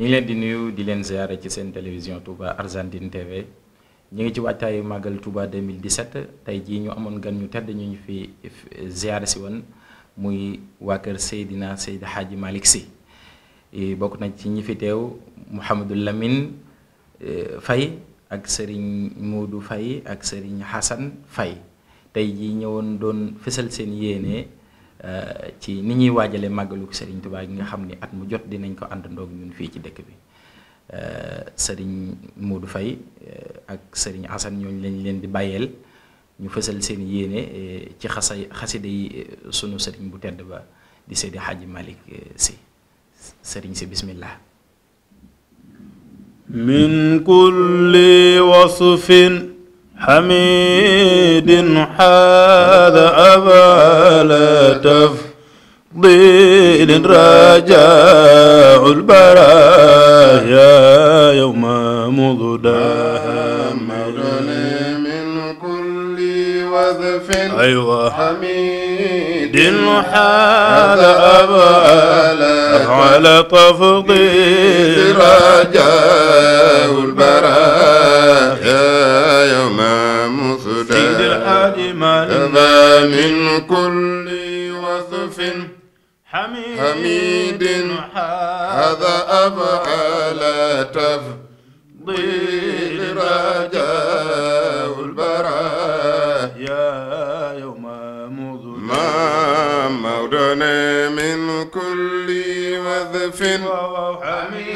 ñu leen di nuyu di leen ziare ci seen télévision Touba Argentine TV ñu ngi ci waajtaayu màggal Touba 2017 tey jii ñu amoon gan ñu tedd ñu ñu fi ziare si woon muy waa kër Seydina Seydi Hadji malik si bokk nañ ci ñi fi teew Mouhamadou Lamine e, fay ak Serigne Modou fay ak Serigne Hassan Faye tey ji ñëwoon doon fësal seen yéene. Euh, ci ni ñuy waajalee màggalu Serigne Touba gi nga xam ni at mu jot dinañ ko àndandoog ñun fii ci dëkk bi euh, Serigne Modou Faye euh, ak Serigne Assane ñooñu lañ leen di bàyyeel ñu fësal seen yéene ci xasay xaside yi sunu Serigne bu tedd ba di Seydi Hadji malik si sëriñ si bismillah min kulli wasfin حميد هذا أبا لا تفضيل رجاء البرايا يوم مضدها عذف أيوة حميد حال أبالا على تفضيل رجاء البرايا يوم مصدر من كل وصف حميد, حميد هذا أبعى لا تفضيل رجاء لنا من كل وذف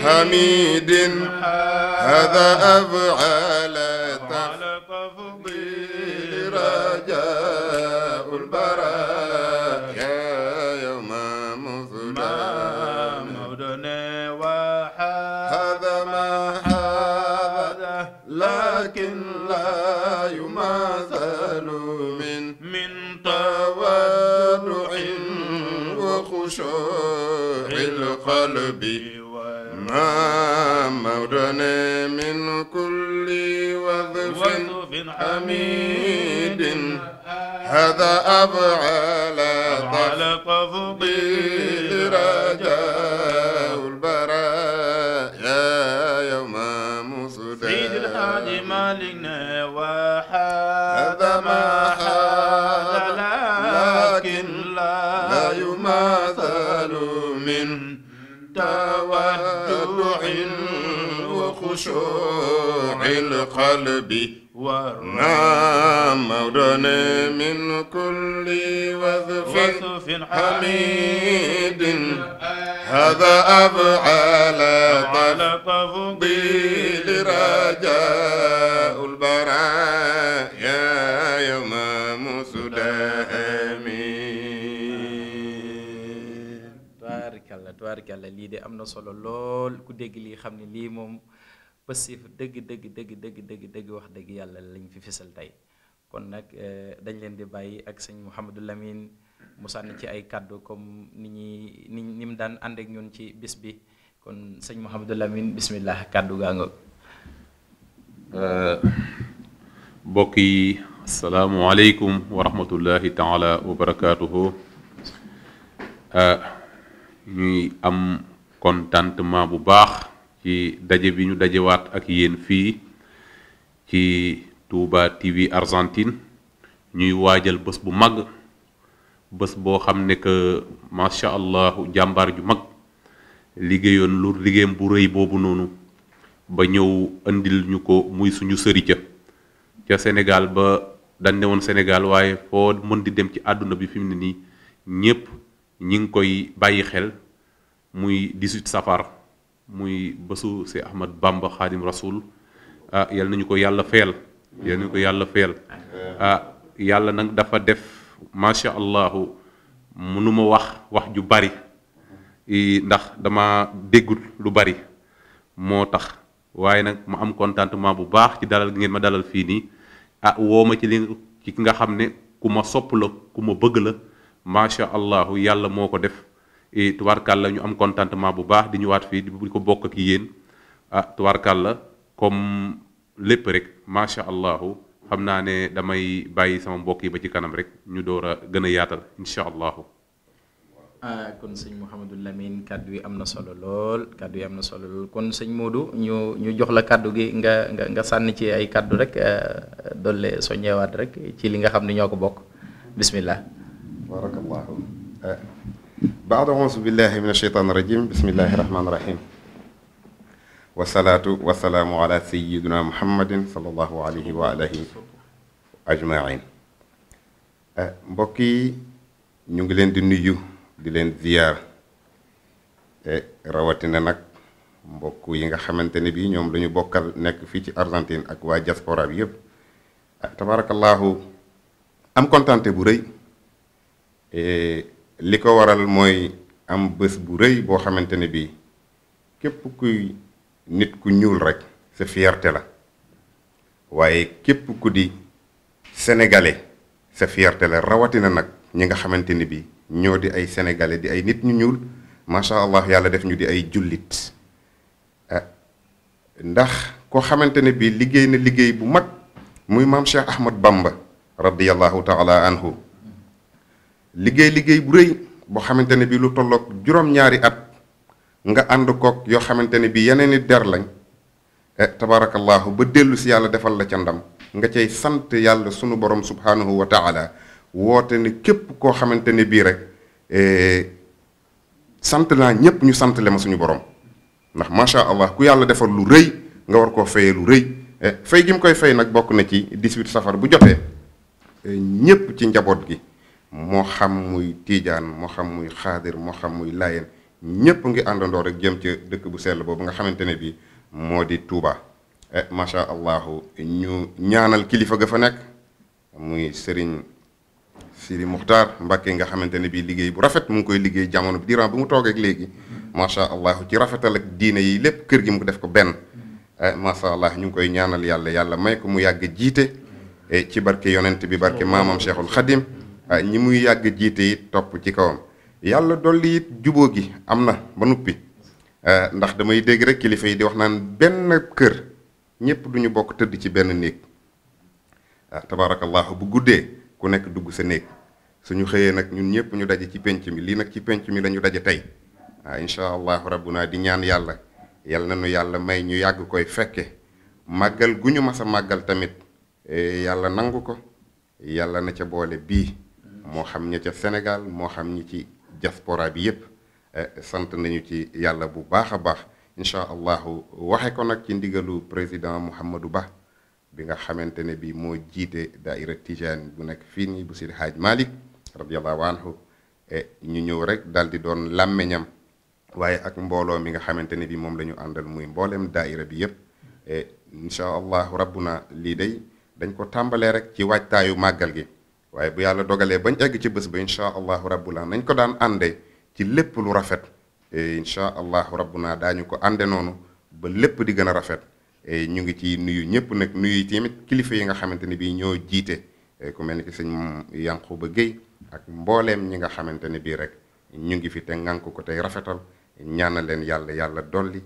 حميد هذا أفعل بن حميد هذا أفعل على تفضيل رجاء البرايا يوم مصدى سيد الحاج مالنا وحاد ما حاد لكن لا يماثل من تودع خشوع القلب ونعم مولانا من كل وظف حميد هذا أفعال تفضيل رجاء yàlla lii de am na solo lool ku dégg lii xam ne lii moom passif dëgg dëgg dëgg dëgg wax dëgg yàlla lañu fi fisal tey kon nag eh, dañ leen di bàyyi ak sëñ Mouhamadou Lamine mu sànni ci ay kàddu comme ni ñuy ni mu daan ànd ak ci bis bi kon sëñ Mouhamadou Lamine bismillah kàddu gaa nga eh, mbokk yi asalaamualeykum wa rahmatullahi taala wa barakaatuhu eh, ñuy am contentement bu baax ci daje bi ñu dajewaat ak yéen fii ci Touba TV Argentine ñuy waajal bés bu mag bés boo xam ne que macha allah jàmbaar ju mag liggéeyoon lu liggéeyam bu rëy boobu noonu ba ñëw indi ñu ko muy suñu sëri ca ca Sénégal ba dande woon Sénégal waaye foo mën di dem ci àdduna bi fi mu ne nii ñépp ñi ngi koy bàyyi xel muy 18 safar muy bésu si Ahmad Bamba xaadim rasul ah, yal nañu ko yàlla feel yal ko yàlla feel ah yàlla nag dafa def macha allahu mënuma wax wax ju bari ndax dama déggut lu bari moo tax waaye nag ma am contentement bu baax ci dalal ngeen ma dalal fii nii ah woo ma ci li ci ki nga xam ne ku ma sopp la ku ma bëgg la macha allah yàlla moo ko def la ñu am contentement bu baax di ñëwaat fii di ko bokk ak yéen ah la comme lépp rek macha allah xam naa ne damay bàyyi sama mbokk yi ba ci kanam rek ñu door a gën a yaatal incha allah. ah kon sëñ Mouhamadou Lamine kàddu yi am na solo lool kàddu yi am na solo lool kon sëñ Modou ñu ñu jox la kàddu gi nga nga sànni ci ay kàddu rek ah, dolle soññewaat rek ci li nga xam ne ñoo ko bokk bismillah. barakallahu eh. baada auzu billahi min asheytaan rajim bismillahi rahmaani wa wasalaatu wasalaamu ala sayiduna muhammadin salallahu alayhi wa alihi ajmain eh, mbokk yi ñu ngi leen di nuyu di leen ziyaar eh, rawatina nag mbokk yi nga xamante ne bi ñoom lu ñu bokkal nekk fii ci Argentine ak waa diaspora bi yépp ak tabarakallahu am kontante bu rëy li ko waral mooy am bés bu rëy boo xamante ne bii képp kuy nit ku ñuul rek sa fierté la waaye képp ku di sénégalais sa fierté la rawatina nag ñi nga xamante ni bii ñoo di ay sénégalais di ay nit ñu ñuul macha allah yàlla def ñu di ay jullit ah, ndax koo xamante ne bii liggéey na liggéey bu mag muy maam Cheikh Ahmad Bamba radiyallahu taala anhu liggéey liggéey bu rëy boo xamante ne bii lu tollook juróom-ñaari at nga ànd kook yoo xamante ne bii yeneen it der lañ e, tabaarakallaahu ba dellu si yàlla defal la ca ndam nga cey sant yàlla suñu borom subhaanahu wa taala woote ne képp koo xamante ne bii rek e, sant naa ñépp ñu santale ma suñu borom ndax macha allah ku yàlla defal lu rëy nga war koo fayee lu rëy e, fay gi koy fay nag bokk na ci 18 safar bu jotee ñépp ci njaboot gi moo xam muy tiijaan moo xam muy xaadir moo xam muy laayeen ñépp ngi àndandoo rek jëm ci dëkk bu sell boobu nga xamante ne bii moo di Touba. Eh, macha allahu ñu ñaanal kilifa ga fa nekk muy Serigne Sidi Muxtaar Mbàkke nga xamante ne bii liggéey bu rafet mu ngi koy liggéey jamono bi diiran bu mu toogeek ak léegi macha allah ci rafetal ak diine yi lépp kër gi mu def ko benn e eh, macha allah ñu ngi koy ñaanal yàlla yàlla may ko mu yàgg jiite eh, ci barke yonent bi barke maamam Cheikhul Khadim Ah, ñi muy yàgg jiite it topp ci kawam yàlla dolli it juboo gi am na ba nuppi ah, ndax damay dégg rek kilifa yi di wax naan benn kër ñëpp duñu bokk tëdd ci benn néeg ah, tabaarakallahu bu guddee ku nekk dugg sa néeg suñu xëyee nag ñu ñëpp ñu daje ci penc mi lii nag ci penc mi la daje tey waaw incha allahu rabbuna di ñaan yàlla yàlla na nu yàlla may ñu yàgg koy fekke màggal gu ñu mas a màggal tamit eh, yàlla nangu ko yàlla na ca boole bii moo xam ña ca Sénégal moo xam ñi ci diaspora bi yépp eh, sant nañu ci yàlla bu baax a baax incha allahu waxe kon nag ci ndigalu président Mouhamadou Ba bi nga xamante ne bi moo jiite daaira bu nekk fii nii bu Seydi Haaj Malick radiallahu anhu eh, ñu ñëw rek dal di doon làmmeñam waaye ak mbooloo mi nga xamante ne bi moom la ñu àndal muy mbooleem daaira bi yépp eh, incha allahu rabbuna lii day dañ ko tàmbalee rek ci waajtaayu màggal gi waaye bu yàlla dogalee bañ egg ci bés ba incha allahu laa nañ ko daan àndee ci lépp lu rafet e, incha allahu naa daañu ko ànde noonu ba lépp di gën a rafet e, ñu ngi ci nuyu ñëpp nag nuyu tamit kilifa yi nga xamante ni bii ñoo jiite e, ku mel ni ki sëñ Yankuba Guèye ak mbooleem ñi nga xamante ni bii rek ñu ngi fi te ŋànk ko tey rafetal ñaana leen yàlla yàlla dolli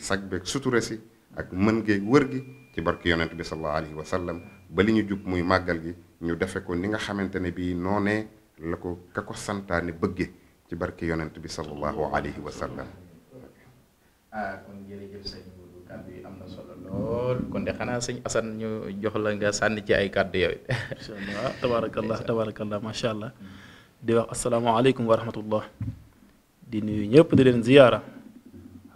sag beeg sutura si ak mën geeg wër gi ci barki yonent bi sallallahu alayhi wa sallam ba li ñu jub muy màggal gi ñu defe ni nga xamante ne bii noonee la ko ka ko santaane bëgge ci barki bi sallallahu alayhi wa sallam ah, xanaa sëñ Assane ñu jox sànni ci ay kàddu yow it. incha allah tabaarakallah tabaarakallah macha allah di wax asalaamaaleykum nuyu ñëpp di leen ziyaara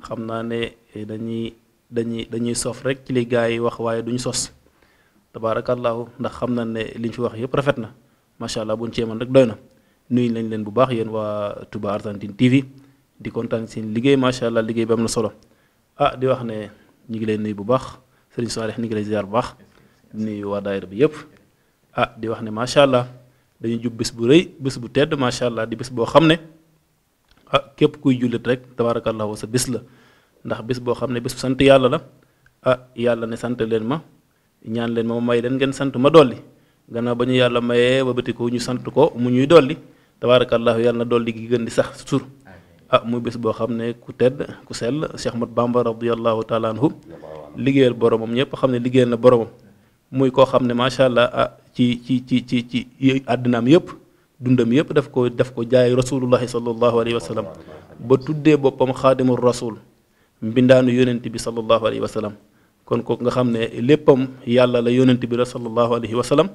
xam naa ne dañuy. dañuy dañuy sof rek ci li gaa yi wax waaye duñu sos tabaarakallaahu ndax xam na ne liñ fi wax yëpp rafet na macha allah buñ cee man rek doy na nuyu lañ leen bu baax yéen waa Touba Argentine TV di kontaan seen liggéey macha allah liggéey bi am na solo ah di wax ne ñu ngi leen nuyu bu baax sëriñ Saalix ñu ngi lay ziar bu baax nuyu waa daayira bi yëpp ah di wax ne macha allah dañu jub bés bu rëy bés bu tedd macha allah di bés boo xam ne ah képp kuy jullit rek tabaarakallaahu sa bés la. ndax bis boo xam ne bis sant yàlla la ah yàlla ne sant leen ma ñaan leen ma may leen ngeen sant ma dolli gannaaw ba ñu yàlla mayee wabatiku ñu sant ko mu ñuy dolli tabaarakallaahu yàlla na dolli gi gën di sax sur ah mu bés boo xam ne ku tedd ku sell Cheikh Ahmad Bamba radiyallahu taala anhu liggéeyal boromam ñëpp xam ne liggéeyal na boromam muy koo xam ne macha allah ah ci ci ci ci ci àddinaam yëpp dundam yëpp daf ko daf ko jaay rasulullahi sallallahu ba tuddee boppam xaadimul rasul mbindaanu yonent bi sallallahu alayhi wa sallam kon kooku nga xam ne léppam yàlla la yonent bi la sallallahu alayhi wa sallam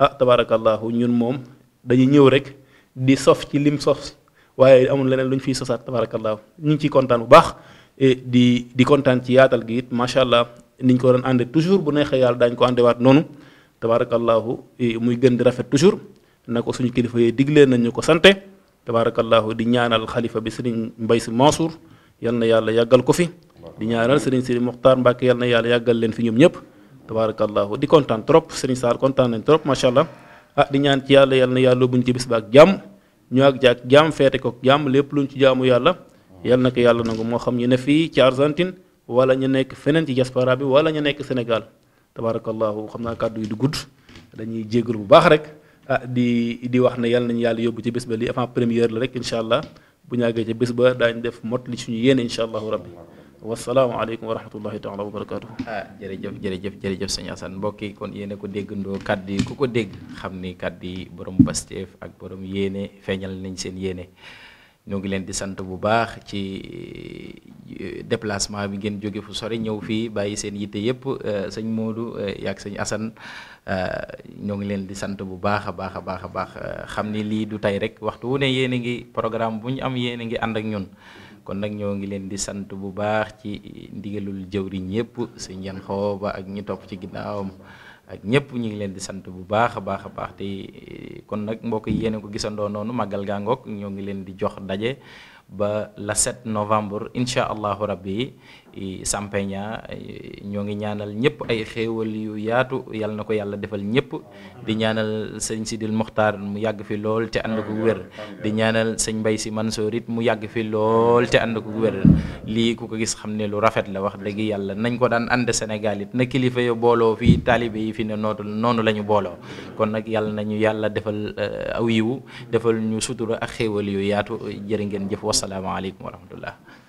ah tabaarakallaahu ñun moom dañuy ñëw rek di sof ci lim sof waaye amul leneen lu ñu fiy sosaat tabaarakallaahu ñu ngi ciy kontaan bu baax e, di di kontaan ci yaatal gi it macha allah niñ ko doon àndee toujours bu neexee yàlla daañ ko àndewaat noonu tabaarakallaahu e, muy gën di rafet toujours na ko suñu kilifa yee diglee nañ ñu ko sante tabaarakallaahu di ñaanal xalifa bi sëriñ Mbay Si Mansour yal na yàlla yàggal ko fi di ñaanal sëriñ Sidi Muxtaar Mbàkke na yàlla yàggal leen fi ñoom ñëpp tabaarakallaahu di kontaan trop sëriñ Saal kontaan nañ trop macha allah ah di ñaan ci yàlla yal na yàlla buñ ci bis ba ak jàmm ak jaak jàmm feete ko jàmm lépp luñ ci jaamu yàlla yal na yàlla nangu moo xam ñu ne fii ci Argentine wala ñu nekk feneen ci diaspora bi wala ñu nekk Sénégal tabaarakallaahu xam naa kàddu yi di gudd dañuy jégalu bu baax rek ah di di wax ne yàlla nañu yàlla yóbbu ci bis ba li avant première la rek incha allah bu ñu àggee ca bés ba daañ def mot suñu yéene incha allahu rabbi wasalaamaaleykum wa rahmatullahi taala wa barakaatu. ah jërëjëf jëre jërëjëf sëñ Assane mbokk yi kon yéen a ko déggandoo kàddu yi ku ko dégg xam ni kàddu yi borom Pastef ak borom yéene feeñal nañ seen yéene. ñoo ngi leen di sant bu baax ci e, déplacement bi ngeen jóge fu sore ñëw fii bàyyi seen yitte yëpp e, sëñ moodu e, yaak sëñ Assane ñoo ngi leen di sant bu baax a baax a baax a baax xam ni lii du tey rek waxtu wu ne yéen a ngi programme bu ñu am yéen a ngi ànd ak ñun kon nag ñoo ngi leen di sant bu baax ci ndigalul jëwriñ yëpp sëñ yan xooba ak ñi topp ci ginnaawam. ak ñëpp ñu ngi leen di sant bu baax a baax a baax te eh, kon nag mbokk yi yéen ko gisandoo noonu màggal gaa ngoog ñoo ngi leen di jox daje. ba la 7 novembre incha allahu rabbi Sampegna ñoo ngi ñaanal ñëpp ay xéewal yaatu yal na ko yàlla defal ñëpp di ñaanal sëñ Sidil Mokhtar mu yàgg fi lool te ànd ko wér ñaanal sëñ Mbaye Sy Mansour it mu yàgg fi lool ànd ko lii ku ko gis xam ne lu rafet la wax dëgg yàlla nañ ko daan ànd Sénégal it na kilifa yo booloo fii taalibe yi fi ne nootu noonu lañu ñu booloo kon nag yàlla nañu yàlla defal euh, aw defal ñu sutura ak xéewal yaatu jërë ngeen jëf wasalaamaaleykum wa rahmatullah